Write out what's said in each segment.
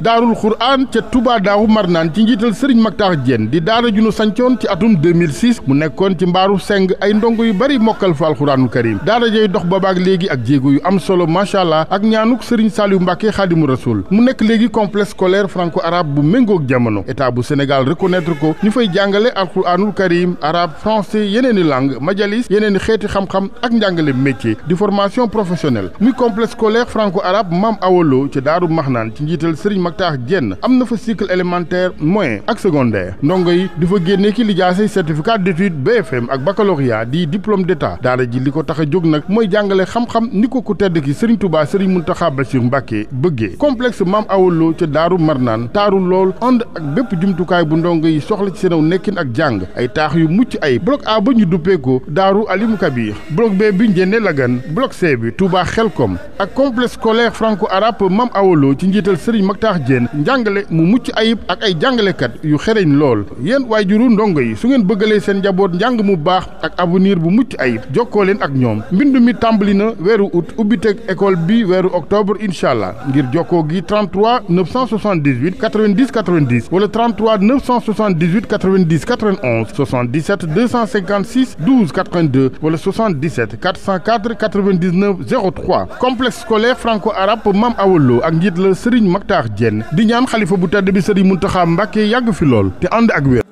daarul xuraan ca Touba daawu marnaan ci njiital Serigne Mactar Diène di daara junu sancoon ci atum 2006 mu nekkoon ci mbaaru seng ay ndongo yu bari mokkal fa alxuraanul karim daara jay dox boobaak léegi ak jéego yu am solo macha allah ak ñaanuk Serigne Saliou Mbacke xaadimu rasul mu nekk léegi complexe scolaire franco arabe bu méngook jamono état bu Sénégal reconnaître ko ñu fay jàngale alxuraanul karim arabe français yeneeni langue majalis yeneeni xeeti xam-xam ak njàngale métier di formation professionnelle muy complexe scolaire franco arabe maam awolo ca daaru marnaan ci njiital Serigne Mactar Diène am na fa cycle élémentaire moyen ak secondaire ndongo yi di fa génne ki lijaasay certificat d'études BFM ak baccalauréat di diplôme d'état daara ji li ko tax a jóg nag mooy jàngale xam-xam ni ko ku tedd ki Serigne Touba Serigne Mountakha Bassirou Mbacké bëggee complexe Mame Awa Lo ca Daaru Marnaan taaru lool ànd ak bépp jumtukaay bu ndongo yi soxla ci seenaw nekkin ak jàng ay taax yu mucc ay bloc A ba ñu duppeekoo Daaru Alimou Kabir bloc B bi Njéene Lagan bloc C bi Touba Xelkom ak complexe scolaire franco-arabe Mame Awa ci njiital Serigne Mactar Diène njàngale mu mucc ayib ak ay jàngalekat yu xereñ lool yéen waajuru ndongo yi su ngeen bëggalee seen njaboot njàng mu baax ak avenir bu mucc ayib jokkoo ak ñoom mbindu mi tàmbali na weeru août ubbiteg école bi weeru octobre incha allah ngir jokkoo gi 33 978 90 90 wala 33 978 90 91 77 256 12 82 wala 77 404 99 03 complexe franco arabe Mam Awolo ak njiit la Serigne Maktar Diène di ñaan xalifa bu tedd bi sëriñ Muntaxa Mbàkke yàgg fi lool te ànd ak wér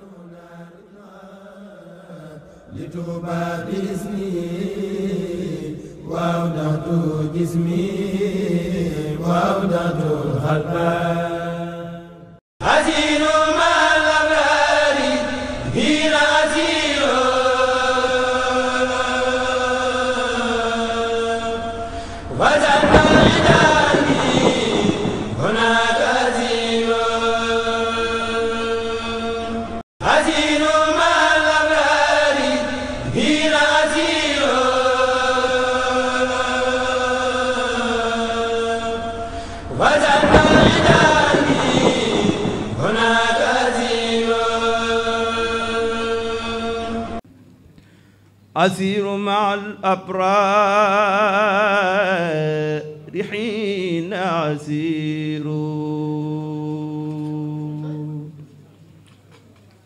asiru ma al abraar xiina asiru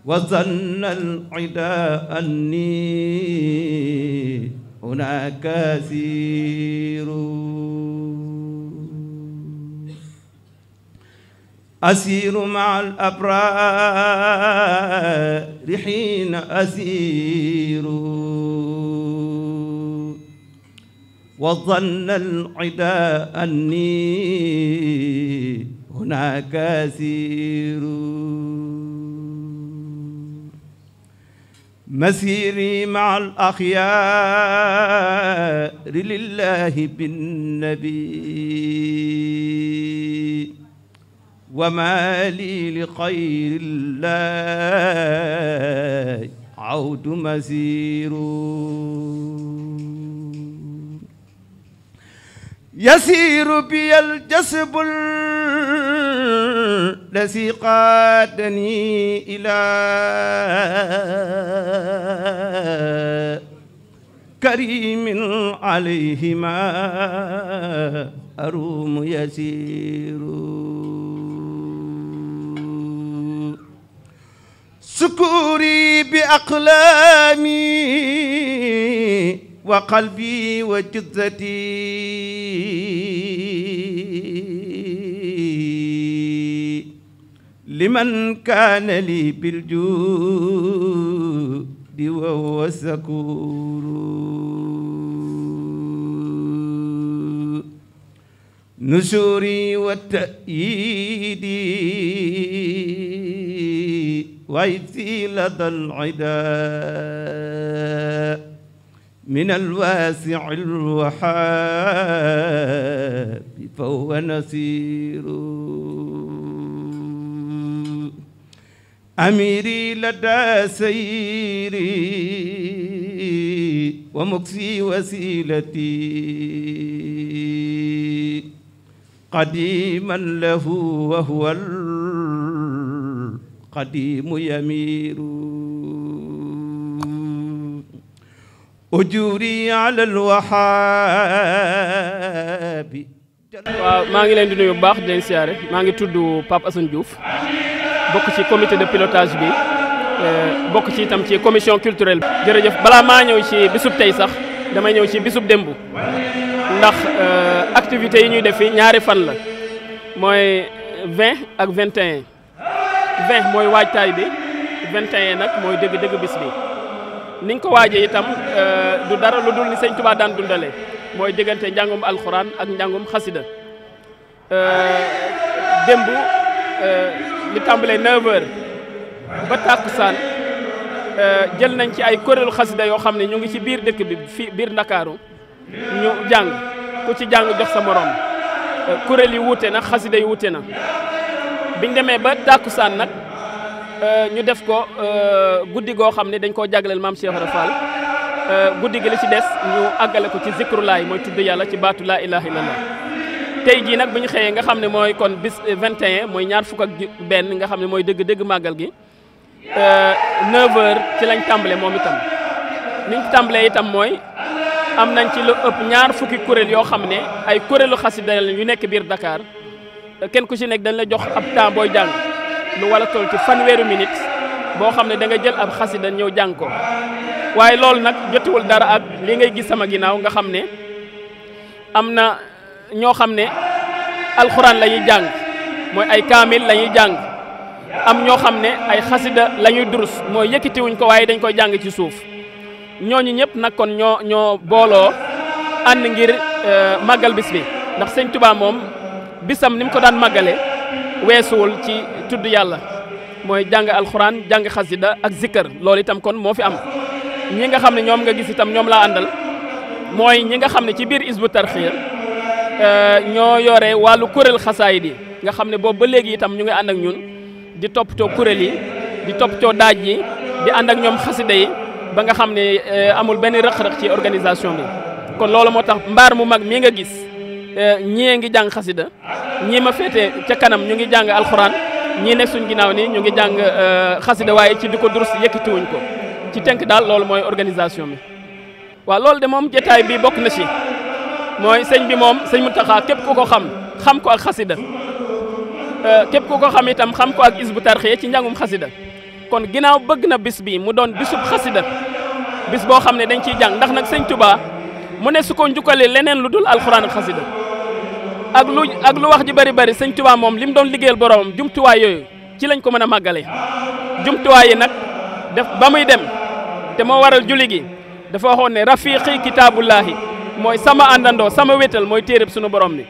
wa zanna al وظن العدا أني هنا كثير مسيري مع الأخيار لله بالنبي وما لي لخير الله عود مسير يسير بي الجسب الذي قادني إلى كريم عليهما أروم يسير سكوري بأقلامي وقلبي وجذتي liman kaana li bil juudi wa huwa sakuuru nusuuri wa ta'yiidi wa iti ladal idaa min alwaasi alwahaabi fa huwa nasiiru أميري لدى سيري ومكسي وسيلتي قديما له وهو القديم يمير أجوري على الوحاب waaw maa ngi leen di nuyu bu baax di leen siyaare maa ngi tudd Pape Assane Diouf bokk ci comité de pilotage bi euh, bokk ci itam ci commission culturelle bi. jërëjëf balaa maa ñëw ci bisub tey sax damay ñëw ci bisub démb ndax euh, activités yi ñuy def fii ñaari fan la mooy vingt ak 21 20 mooy waajtaay bi 21 nag mooy dëgg-dëgg bis niñ ko waajee itam euh, du dara lu dul ni sëñ Tuubaa daan dundale mooy diggante njàngum alxuraan ak njàngum xasida démb. li tàmbalee 9h ba tàkkusaan euh, jël nañ ci ay kuréelu xasida yoo xam ne ñu ngi ci biir dëkk bi fii biir Ndakaaru ñu jàng ku ci jàng jox sa morom euh, kuréel yi wuute na xasida yi wuute na biñ demee ba tàkkusaan nag euh, ñu def ko guddi goo xam ne dañ koo jagleel maam Cheikh Ibra Fall guddi gi li ci des ñu àggale ko ci zikrulaay mooy tudd yàlla ci baatu laa ilaha illallah tey jii nag bi ñu xëyee nga xam ne mooy kon bis 21 mooy ñaar fukk ak benn nga xam ne mooy dëgg-dëgg màggal gi 9 euh, ci lañ tàmble moom itam niñ ci itam mooy am nañ ci lu ëpp ñaar fukki kuréel yoo xam ne ay kuréelu xasida yu nekk biir Dakar kenn ku ci nekk dañ la jox ab temps booy jàng lu wala tool ci fanweeru minute boo xam ne da nga jël ab xasida ñëw jàng ko waaye lool nag jotiwul dara ak li ngay gis sama ginnaaw nga xam ne am na. ñoo xam ne alxuraan la ñuy jàng mooy ay kaamil lañuy jàng am ñoo xam ne ay xasida lañuy ñuy durus mooy yëkkatiwuñ ko waaye dañ koy jàng ci suuf ñooñu ñëpp nag kon ñoo ñoo booloo ànd ngir euh, màggal bis bi ndax sëñ Tuubaa moom bisam ni mu ko daan màggale weesuwul ci tudd yàlla mooy jàng alxuraan jàng xasida ak zikkër loolu itam kon moo fi am ñi nga xam ne ñoom nga gis itam ñoom laa àndal mooy ñi nga xam ne ci biir isbu tarxiya Euh, ñoo yore wàllu kuréel xasaayid yi nga xam ne boobu ba léegi itam ñu ngi ànd ak ñun di toppatoo kuréel yi di toppatoo daaj yi di ànd ak ñoom xasida yi ba nga xam ne euh, amul benn rëq-rëq ci organisation bi kon loolu moo tax mbaar mu mag mii nga gis euh, ñii ngi jàng xasida ñii ma féete ca kanam ñu ngi jàng alxuraan ñii nekk suñ ginnaaw nii ñu ngi jàng xasida waaye ci di ko durus yëkkatiwuñ ko ci tënk daal loolu mooy organisation bi waaw loolu de moom jotaay mooy sëñ bi moom sëñ Muntaxa képp ku ko xam xam ko ak xasida euh, képp ku ko xam itam xam ko ak isbu tarxiya ci njàngum xasida kon ginnaaw bëgg na bis bi mu doon bisub xasida bis boo xam ne dañ ciy jàng ndax nag sëñ Tuubaa mu ne su ko njukkale leneen lu dul alxuraan ak xasida ak lu ak lu wax ji bari bari sëñ Tuubaa moom li mu doon liggéeyal boromam jumtuwaay yooyu ci lañ ko mën a màggale jumtuwaay yi nag def ba muy dem te moo waral julli gi dafa waxoon ne rafiqi kitaabullaahi mooy sama àndandoo sama wetal mooy téeréb sunu borom bi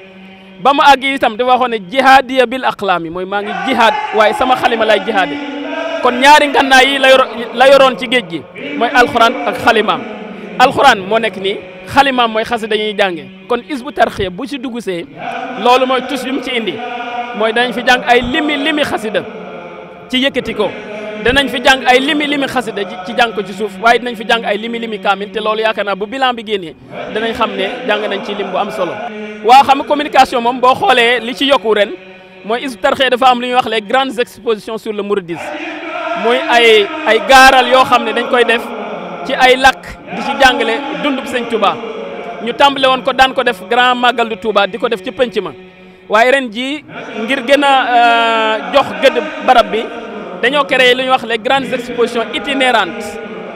ba mu àgg itam dafa waxoon ne jihaadiya bil aqlaam yi mooy maa ngi jihaad waaye sama xalima lay jihaade kon ñaari ngànnaay yi la yoroon ci géej gi mooy alxuraan ak xalimaam alxuraan moo nekk nii xalimaam mooy xase dañuy jànge kon isbu tarxiya bu ci dugg see loolu mooy tus bi mu ci indi mooy dañ fi jàng ay limi limi xasida ci yëkkati ko danañ fi jàng ay limi limi xasida ci jàng ko ci suuf waaye dinañ fi jàng ay limi limi kaamil te loolu yaakaar naa bu bilan bi génnee danañ xam ne jàng nañ ci lim bu am solo. waa xam communication moom boo xoolee li ci yokku ren mooy Hizbut Tarqiyyah dafa am lu ñuy wax les grandes expositions sur le mouridisme mooy ay ay gaaral yoo xam ne dañ koy def ci ay làkk di ci jàngale dundub sëñ Touba ñu tàmbale woon ko daan ko def grand màggal du Touba di ko def ci penc ma waaye ren jii ngir gën a euh, jox gëdd barab bi. dañoo créé lu ñuy wax les grandes expositions itinérantes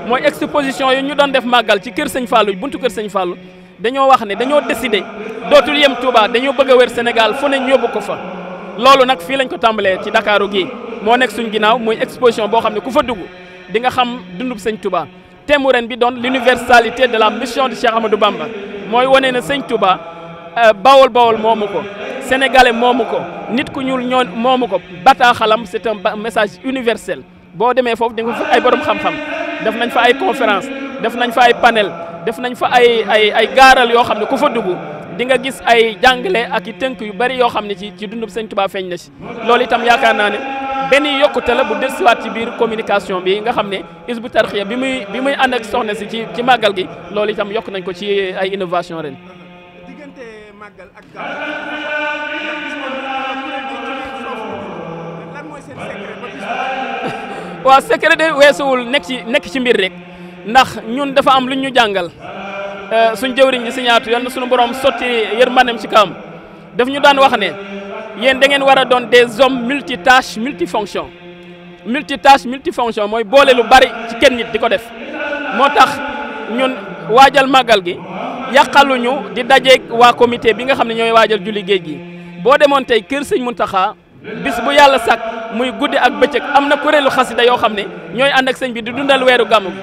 mooy exposition yu ñu doon def màggal ci kër sëñ Fallou buntu kër sañ Fallou dañoo wax ne dañoo décidé dootul yem Touba dañoo bëgg a wër Sénégal fu ne ñu yóbbu ko fa. loolu nag fii lañ ko tàmbalee ci ndakaaru gii moo nekk suñ ginnaaw muy exposition boo xam ne ku fa dugg di xam dundub sëñ tubaa thème mu ren bi doon l'universalité de la mission de Cheikh Amadou Bamba mooy wane na sëñ Touba euh, bawol bawol sénégalais moomu ko nit ku ñuul ñoo moomu ko bataaxalam c'est un message universel boo demee foofu di nga fa ay borom xam-xam def nañ fa ay conférence def nañ fa ay panel def nañ fa ay ay ay gaaral yoo xam ne ku fa dugg di nga gis ay jàngale ak yi tënk yu bari yoo xam ne ci ci dundub Sëñ Tuubaa feeñ na ci loolu itam yaakaar naa ne benn yokkute la bu dellusiwaat ci biir communication bi nga xam ne Hizbut Tarqiyyah bi muy bi muy ànd ak soxna si ci ci màggal gi loolu itam yokk nañ ko ci ay innovation ren màggal ak gaaw ndax gis nañu ne de weesuwul nekk ci nekk ci mbir rek ndax ñun dafa am lu ñu jàngal euh, suñ jëwriñ ji si ñaatu yal na suñu borom sotti yërmandeem ci kawam daf ñu daan wax ne yéen da ngeen war a doon des hommes multitâche multifonction multitâche multifonction mooy boole lu bari ci kenn nit di ko def moo tax ñun waajal màggal gi. yàqaluñu di dajeeg waa comité bi nga xam ne ñooy waajal julli géej gi boo demoon tey kër sëñ Muntaxa bis bu yàlla sàkk muy guddi ak bëccëg am na kuréelu xasida yoo xam ne ñooy ànd ak sëñ bi di dundal weeru gàmmu gi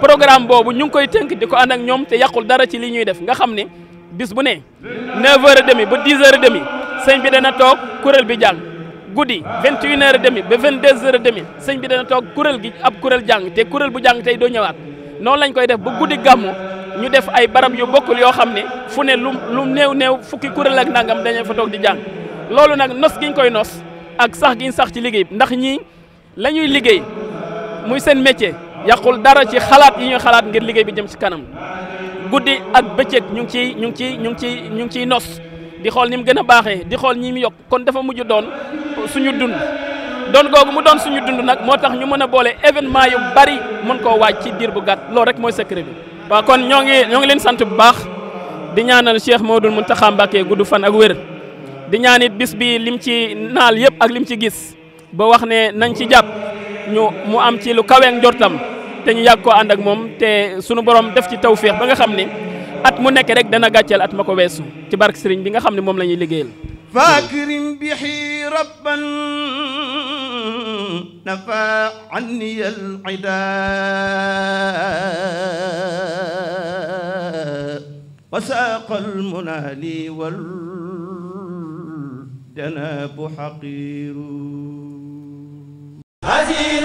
programme boobu ñu ngi koy tënk di ko ànd ak ñoom te yàqul dara ci li ñuy def nga xam ne bis bu ne 9h30 ba 10h30 sëñ bi dana toog kuréel bi jàng guddi 21h30 ba 22h30 sëñ bi dana toog kuréel gi ab kuréel jàng te kuréel bu jàng doo ñëwaat noonu lañ koy def ba guddi gàmmu ñu def ay barab yu bokkul yoo xam ne fu ne lu lu néew néew fukki kuréel ak ndàngam dañu fa toog di jàng loolu nag nos giñ koy nos ak sax giñ sax ci liggéey ndax ñii la ñuy liggéey muy seen métier yàqul dara ci xalaat yi ñuy xalaat ngir liggéey bi jëm ci kanam guddi ak bëccëg ñu ngi ciy ñu ngi ciy ñu ngi ciy ñu ngi ciy nos di xool ni mu gën a baaxee di xool ñi mu yokk kon dafa mujj doon suñu dund doon googu mu doon suñu dund nag moo tax ñu mën a boole événement yu bari mën koo waaj ci diir bu gàtt loolu rek mooy secret bi waaw kon ñoo ngi ñoo ngi leen sant bu baax di ñaanal Cheikh Modou Mountakha Mbacké gudd fan ak wér di ñaan it bis bi lim ci naal yëpp ak lim ci gis ba wax ne nañ ci jàpp ñu mu am ci lu kawe ak njortam te ñu yàgg koo ànd ak moom te sunu borom def ci tawféex ba nga xam ne at mu nekk rek dana gàcceel at ma ko weesu ci bark sëriñ bi nga xam ne moom la ñuy liggéeyal. Fakirim bihi rabban. نفى عني العداء وساق المنى لي والجناب حقير هزيل